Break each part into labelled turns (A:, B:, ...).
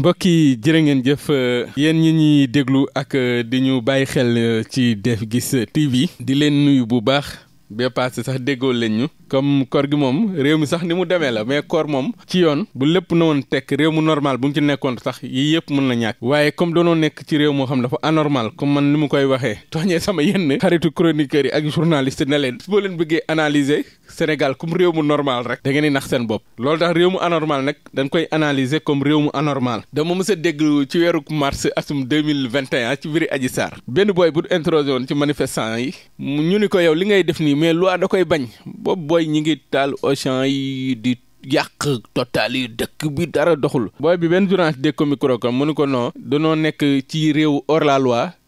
A: mbokk yi jërë ngeen jëf euh, yéen ñi ñuy déglu ak euh, di ñu bàyyi xel euh, ci Def Gis TV di leen nuyu bu baax. bee paase sax déggoo leen ñu comme koor gi moom réew mi sax ni mu demee la mais koor moom ci yoon bu lépp na woon tekk réew mu normal bu mu ci nekkoon sax yii yëpp mën na ñàkk waaye comme doonoo nekk ci réew moo xam dafa anormal comme man ni mu koy waxee tooñee sama yenn xaritu chroniqueurs yi ak journaliste ne leen boo leen bëggee analyser Sénégal comme réew mu normal rek da ngeen di nax seen bopp loolu tax réew mu anormal nag dañ koy analyser comme réew mu anormal dama mës dégg ci weeru mars mais loi da koy bañ boobu booy ñi ngi taal Auchan yi di yàq total yi dëkk bi dara doxul. booy bi benn journaliste dégg ko micro kam mu ne ko non. danoo nekk ci réew hors la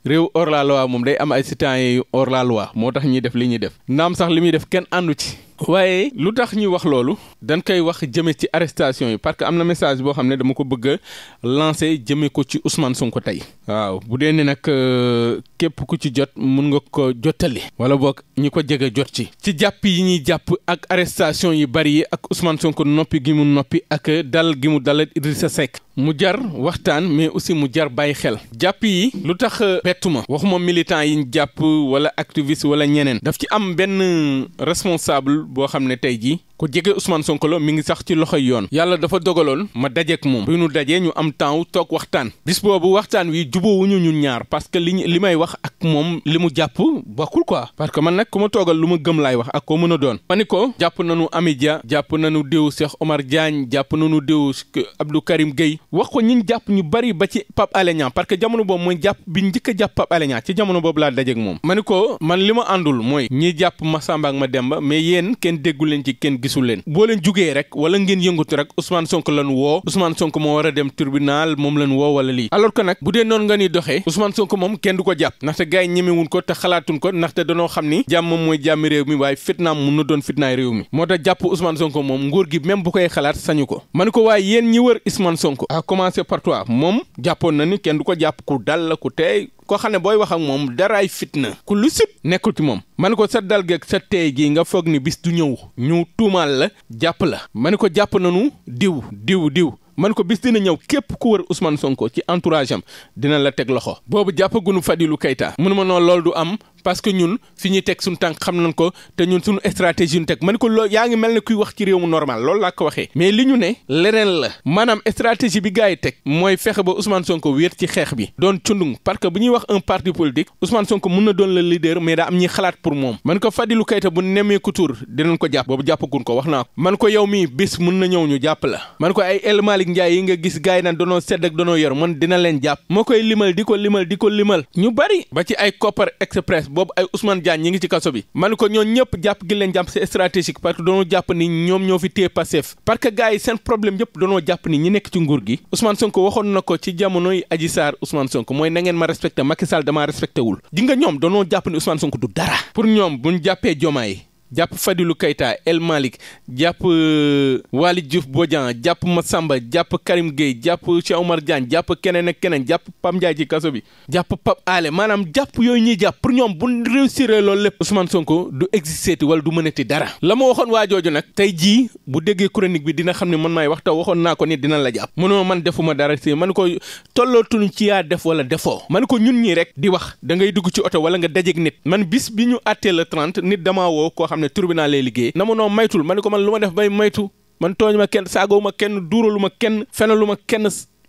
A: réew hors la moom day am ay citoyens yu hors moo tax ñuy def li ñuy def. naam sax li muy def kenn àndu ci. waaye lu tax ñuy wax loolu dañ koy wax jëme ci arrestation yi parce que am na message boo xam ne dama ko bëgg a lancer jëme ko ci Ousmane Sonko tey waaw bu dee ne nag euh, képp ku ci jot mun nga ko jottali wala boog ñi ko jege jot ci ci jàpp yi ñuy jàpp ak arrestation yi bari yi ak usman Sonko noppi gi mu noppi ak dal gi mu dalal sa Seck mu jar waxtaan mais aussi mu jar bàyyi xel jàpp yi lu tax euh, bettuma waxuma militant yi ñu jàpp wala activiste wala ñeneen daf ci am benn euh, responsable boo xam ne tey jii ku jege Ousmane Sonko la mi ngi sax ci loxoy yoon yàlla dafa dogaloon ma dajeek moom bi ñu dajee ñu am temps wu toog waxtaan bis boobu waxtaan wi jubóowuñu ñun ñaar parce que li li may wax ak moom li mu jàpp bokkul quoi parce que man nag ku ma toogal lu ma gëm laay wax ak ko mën a doon ma ni ko jàpp na nañu Amidia jàpp nañu diw Cheikh Omar Diagne jàpp nañu diw Abdou Karim Gueye wax ko ñi jàpp ñu bari ba ci Pape Alé parce que jamono boobu mooy jàpp bi njëkk a jàpp Pape Alé jamono boobu laa dajeek moom ma ko man li ma àndul mooy ñi jàpp Massamba ak gisul leen boo leen jógee rek wala ngeen yëngatu rek Ousmane Sonko lan woo Ousmane Sonko moo war a dem tribunal moom lan woo wala lii alors que nag bu dee noonu nga ni doxee Ousmane Sonko moom kenn du ko jàpp ndaxte gars yi ko te xalaatuñ ko ndaxte danoo xam ni jàmm moom mooy jàmmi réew mi waaye fitnaam mun na doon fitnaay réew mi moo tax jàpp Ousmane Sonko moom nguur gi même bu koy xalaat sañu ko man ko waaye yéen ñi wër Ousmane Sonko à commencer par toi moom na ni kenn du ko jàpp ku la ku tey koo xam ne booy wax ak moom daraay fitna ku lu sib nekkul ci moom man ko sa dal gi ak sa teey gi nga foog ni bis du ñëw ñu tuumaal la jàpp la ma ne ko jàpp nañu diw diw diw man ko bis dina ñëw képp ku wër Ousmane Sonko ci entourage am dina la teg loxo boobu jàppagunu Fadilou Keita mënuma noonu loolu du am parce que ñun fi ñuy teg suñu tànk xam nañ ko te ñun suñu stratégie ñu teg man ko loo yaa ngi mel ne kuy wax ci réew mu normal loolu laa ko waxee mais li ñu ne leneen la maanaam stratégie bi gars yi teg mooy fexe ba Ousmane Sonko wéet ci xeex bi doon cundung parce que bu ñuy wax un parti politique Ousmane Sonko mën na doon la leader mais daa am ñuy xalaat pour moom man ko Fadilou Keita bu nemmeeku tur dinañ ko jàpp boobu jàppagun ko wax naa ko man ko yow mii bis mun na ñëw ñu jàpp man ko ay El Malick yi nga gis gars yi naan danoo sedd ak danoo yor man dina leen jàpp moo koy limal di ko limal di ko limal ñu bari ba ci ay Kopar Express boobu ay Ousmane Diagne ñi ngi ci kaso bi ma ne ko ñoom ñëpp jàpp gi leen jàpp c'est stratégique parce que doonoo jàpp ni ñoom ñoo fi téye Pastef parce que gars yi seen problème yëpp doonoo jàpp ni ñi nekk ci nguur gi Ousmane Sonko waxoon na ko ci jamonoy Adji Sarr Ousmane Sonko mooy na ngeen ma respecté Macky Sall damaa respecté wul di nga ñoom doonoo jàpp ni Ousmane Sonko du dara pour ñoom buñ jàppee Diomaye jàpp Fadilou Keita El Malick jàpp euh, Waly Diouf Bodian jàpp Massamba jàpp Karim Gueye jàpp Cheikh Omar Diagne jàpp keneen ak keneen jàpp Pam Ndiaye ci kaso bi jàpp Pape Alé maanaam jàpp yooyu ñuy jàpp pour ñoom bu réussir loolu lépp Ousmane Sonko du exister wala du mënati dara la ma waxoon waa jooju nag tey jii bu déggee chronique bi dina xam ne man maay wax taw waxoon naa ko ni dina la jàpp mënoo man defuma dara si man ko tollootuñ ci yaa def wala defoo man ko ñun ñi rek di wax da ngay dugg ci oto wala nga dajeeg nit man bis bi ñu nit damaa koo xam ne tribunal lay liggéey na ma noo maytul ma ne ko man lu ma def bay maytu man tooñ ma kenn saagoo ma kenn duuralu ma kenn fenalu ma kenn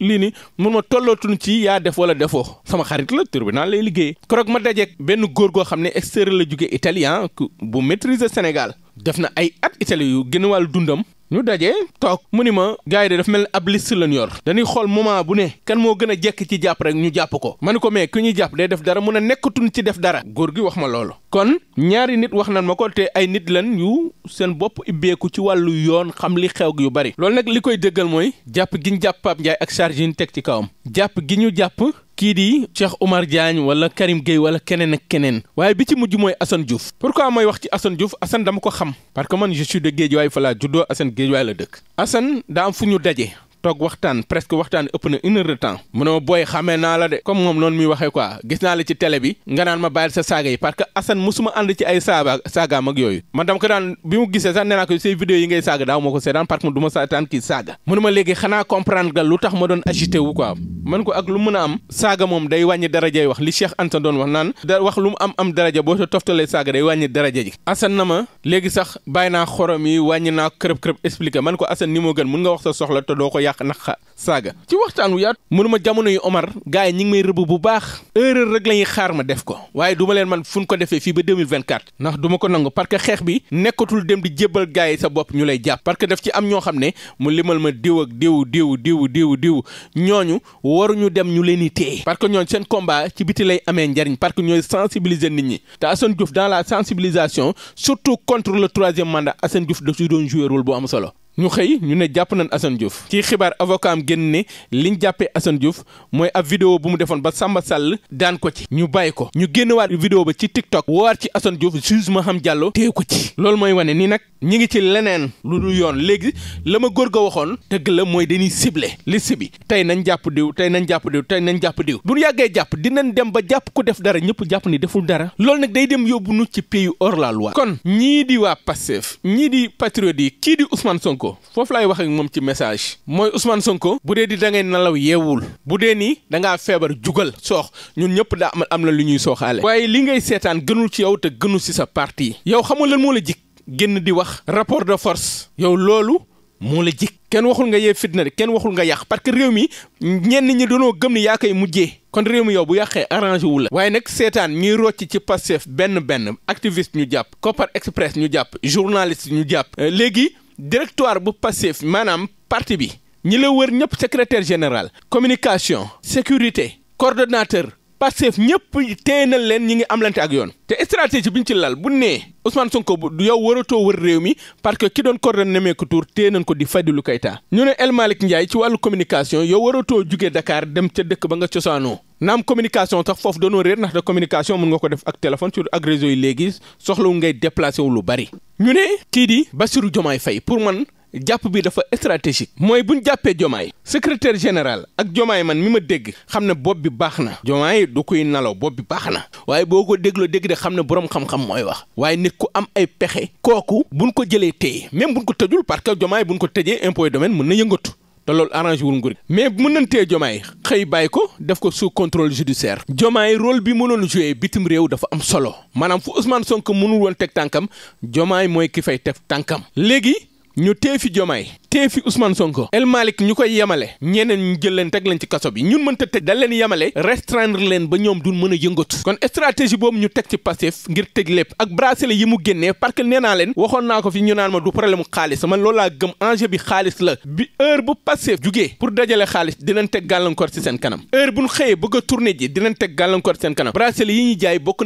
A: lii ni mun ma tollootuñ ci yaa def wala defoo sama xarit la tribunal lay liggéey keroog ma dajeek benn góor goo xam ne extérieur la jóge italien ah, bu maîtriser Sénégal def na ay at Italie yu gën wàllu dundam ñu daje toog mu ni ma gars de dafa mel ni ab liste lañ yor dañuy xool moment bu ne kan moo gën a jekk ci jàpp rek ñu jàpp ko ma ni ko mais ku ñuy jàpp day def dara mun a nekkatuñ ci def dara góor gi wax ma loolu kon ñaari nit wax nan ma ko te ay nit lan yu seen bopp ibbeeku ci wàllu yoon xam li xew yu bari loolu nag li koy dëggal mooy jàpp gi ñu jàpp Pape Ndiaye ak charge yi ñu teg ci kawam jàpp gi ñu jàpp kii di Cheikh Omar Diagne wala Karim Gueye wala keneen ak keneen waaye bi ci mujj mooy Assane Diouf pourquoi mooy wax ci Assane Diouf Assane dama ko xam parce que man je suis de Guédiawaye fa laa juddoo Assane Guédiawaye la dëkk Assane daa am fu ñu daje toog waxtaan presque waxtaan ëpp na une heure de temps booy xamee naa la de comme moom noonu muy waxee quoi gis naa la ci télé bi nga naan ma bàyyil sa saaga yi parce que Assane ànd ci ay saaba saagaam ak yooyu man dama ko daan bi yi ngay saaga daaw moo ko seetaan parce ma saataan kii saaga mu ne ma léegi tax ma doon agité wu quoi man ko ak lu mën a am saaga moom day wàññi darajay wax li Cheikh Anta doon wax naan da wax lu mu am am daraja boo ta toftalee saaga day wàññi daraja ji Assane na ma léegi sax bàyyi naa xorom yi wàññi naa kërëb-kërëb expliqué man ko Assane ni moo gën mun nga wax sa soxla te doo ko yàq naqa saaga ci waxtaan wu yaatu mënuma jamono yu Omar gars yi ñi ngi may rëbb bu baax erreur rek la ñuy xaar ma def ko waaye du ma leen man fu ñu ko defee fii ba 2024 ndax du ma ko nangu parce que xeex bi nekkatul dem di jébbal gars yi sa bopp ñu lay jàpp parce que daf ci am ñoo xam ne mu limal ma diw ak diw diw diw diw diw ñooñu waruñu dem ñu leen di téye parce que ñooñ seen combat ci biti lay amee njariñ parce que ñooy sensibiliser nit ñi te Assane Diouf dans la sensibilisation surtout contre le troisième mandat Assane Diouf da si doon joué rôle bu am solo ñu xëy ñu ne jàpp nañ Assane Diouf ci xibaar avocat am génn ne liñ jàppee Assane Diouf mooy ab vidéo bu mu defoon ba Samba sàll daan ko ci ñu bàyyi ko ñu génnewaat vidéo ba ci TikTok woowaat ci Assane Diouf juge Maham Diallo téye ko ci loolu mooy wane ni nag ñi ngi ci leneen lu dul yoon léegi la ma góor ga waxoon dëgg la mooy dañuy ciblé li bi tey nañ jàpp diw tey nañ jàpp diw tey nañ jàpp diw bu ñu yàggee jàpp dinañ dem ba jàpp ku def dara ñëpp jàpp ni deful dara loolu nag day dem yóbbu nu ci pays hors la loi kon ñii di waa Pastef ñii di patriote kii di Ousmane Sonko foofu laay wax ak moom ci message mooy Ousmane Sonko bu dee di da ngay nalaw yeewul bu dee nii da ngaa feebar jugal soox ñun ñëpp daa am am na lu ñuy sooxaale waaye li ngay seetaan gënul ci yow te gënul ci sa parti yow xamul lan moo la jikk génn di wax rapport de force yow loolu moo la jikk kenn waxul nga yee fitna de kenn waxul nga yàq parce que réew mi ñenn ñi dañoo gëm ni yaa koy mujjee kon réew mi yow bu yàqee arrangé wu la waaye nag seetaan ñuy rocc ci Pastef benn benn activiste ñu jàpp Copper Express ñu jàpp journaliste ñu jàpp euh, léegi directoire bu Pastef maanaam parti bi ñi la wër ñëpp secrétaire général communication sécurité coordonnateur Pastef ñëpp téye na leen ñi ngi amlante ak yoon te stratégie bi ñu ci lal bu nee Ousmane Sonko du yow waratoo wër réew mi parce que ki doon coordonné Nemmeeku Tour téye ko di Fadilou Keita ñu ne El Malick Ndiaye ci wàllu communication yow waratoo jugee dakaar dem ca dëkk ba nga cosaanoo naam communication sax foofu doon réer ndax de communication mën nga ko def ak téléphone sur ak réseau yi léegi soxlawu ngay déplacé wu lu bari. ñu ne kii di Bassirou Diomaye fay pour man jàpp bi dafa stratégique mooy bu ñu jàppee Diomaye secrétaire général ak Diomaye man mi ma dégg xam ne bopp bi baax na Diomaye du koy nalaw bopp bi baax na waaye boo ko dégloo dégg de xam ne boroom xam-xam mooy wax waaye nit ku am ay pexe kooku buñ ko jëlee téye même buñ ko tëjul que Diomaye buñ ko tëjee impôt domaine mën na yëngatu te loolu arrangé wul nguur mais mën nañ tee Diomaye xëy bàyyi ko def ko sous contrôle judiciaire Diomaye rôle bi mënoon joué bitim réew dafa am solo maanaam fu Ousmane Sonko mënul woon teg tànkam Diomaye mooy ki fay teg tànkam léegi ñu tee fi Diomaye tee fi Ousmane Sonko El Malick ñu koy yemale ñeneen ñu jël leen ci kaso bi ñun mënta tëj dal leen yemale restreindre leen ba ñoom duñ mën a yëngatu kon stratégie boobu ñu teg ci Pastef ngir tëj lépp ak bracelet yi mu génnee parce que leen waxoon naa ko fi ñu naan ma du problème xaalis man loolu gëm enjeu xaalis la bi heure bu Pastef jugee pour dajale xaalis dinañ teg gàllankoor ci seen kanam heure bu ñu bëgg a ji dinañ teg gàllankoor ci seen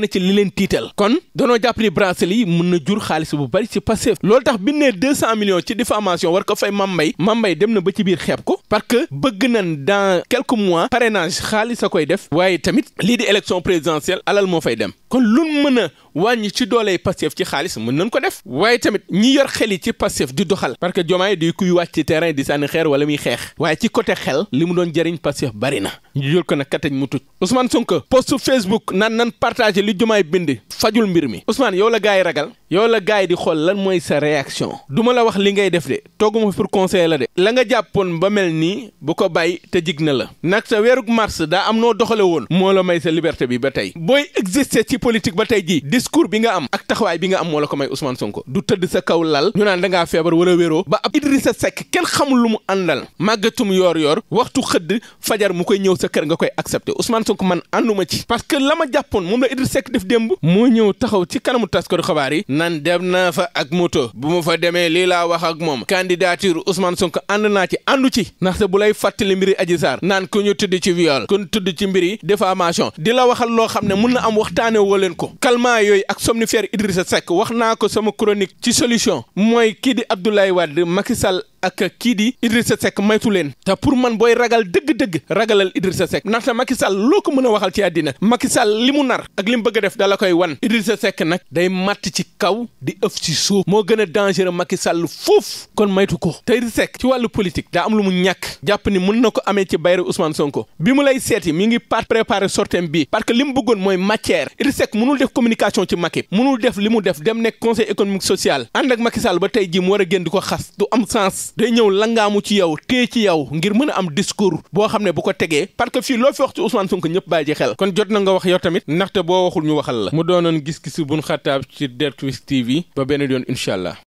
A: ci li leen Mame Mbaye Mame Mbaye dem na ba ci biir xeeb ko parce que bëgg nañ dan quelques mois parrainage xaalis a koy def waaye tamit lii di élection présidentielle alal moo fay dem kon luñ mën a wàññi ci dooley Pastef ci xaalis mën nañ ko def waaye tamit ñi yor xel yi ci Pastef di doxal parce que Diomaye di kuy wàcc ci terrain di sànni xeer wala muy xeex waaye ci côté xel li mu doon jëriñ Pastef bari na ñu jël ko nag katañ mu tuj Ousmane Sonko post Facebook nan nan partagé li jumaay bind fajul mbir mi Ousmane yow la gars yi ragal yow la gars yi di xool lan mooy sa réaction du la wax li ngay def de tooguma fi pour conseiller la de la nga jàppoon ba mel nii bu ko bàyyi te jig na la nag sa weerug mars daa am noo doxale woon moo la may sa liberté bi ba tey booy exister ci politique ba tey jii discours bi nga am ak taxawaay bi nga am moo la ko may Ousmane Sonko du tëdd sa kaw lal ñu naan da feebar wala wéroo ba ab Idrissa Seck xamul lu mu àndal màggatum yoor yoor waxtu xëdd fajar mu koy ñëw sa sa kër nga koy accepté Ousmane Sonko man ànduma ci parce que la ma jàppoon moom la Idriss Seck def démb moo ñëw taxaw ci kanamu taskatu xabaar nan dem naa fa ak moto bu ma fa demee lii laa wax ak moom candidature Ousmane Sonko ànd naa ci àndu ci ndaxte bu lay fàttali mbiri Adji Sarr ku ñu tudd ci viol ku tudd ci mbiri diffamation di waxal loo xam ne mun na am waxtaane woo leen ko calmant yooyu ak somnifère Idrissa Seck wax naa ko sama chronique ci solution mooy kii di Abdoulaye Wade ak kii di Idrissa Seck maytu leen te pour man booy ragal dëgg-dëgg ragalal Idrissa Seck ndaxte Macky Sall loo ko mën a waxal ci àddina Macky Sall li mu nar ak li mu bëgg a def dala koy wan Idrissa Seck nag day matt ci kaw di ëf ci suuf moo gën a dangereux Macky Sall foofu kon maytu ko te Idrissa ci wàllu politique daa am lu mu ñàkk jàpp ni mën na ko amee ci bayre Ousmane Sonko bi mu lay seeti mi ngi pat préparé sortem bi parce que li mu bëggoon mooy matière Idrissa Seck mënul communication ci Macky mënul def li mu def dem nekk conseil économique social ànd ak Macky ba tey ji mu war a génn di ko xas du am sens day ñëw langaamu ci yow téye ci yow ngir mën a am discours boo xam ne bu ko tegee parce que fii loo fi wax ci Ousmane Sonko ñëpp bàyyi ji xel kon jot na nga wax yow tamit ndaxte boo waxul ñu waxal la mu doonoon gis-gisu buñ xataab ci Derklwis TV ba benn yoon incha allah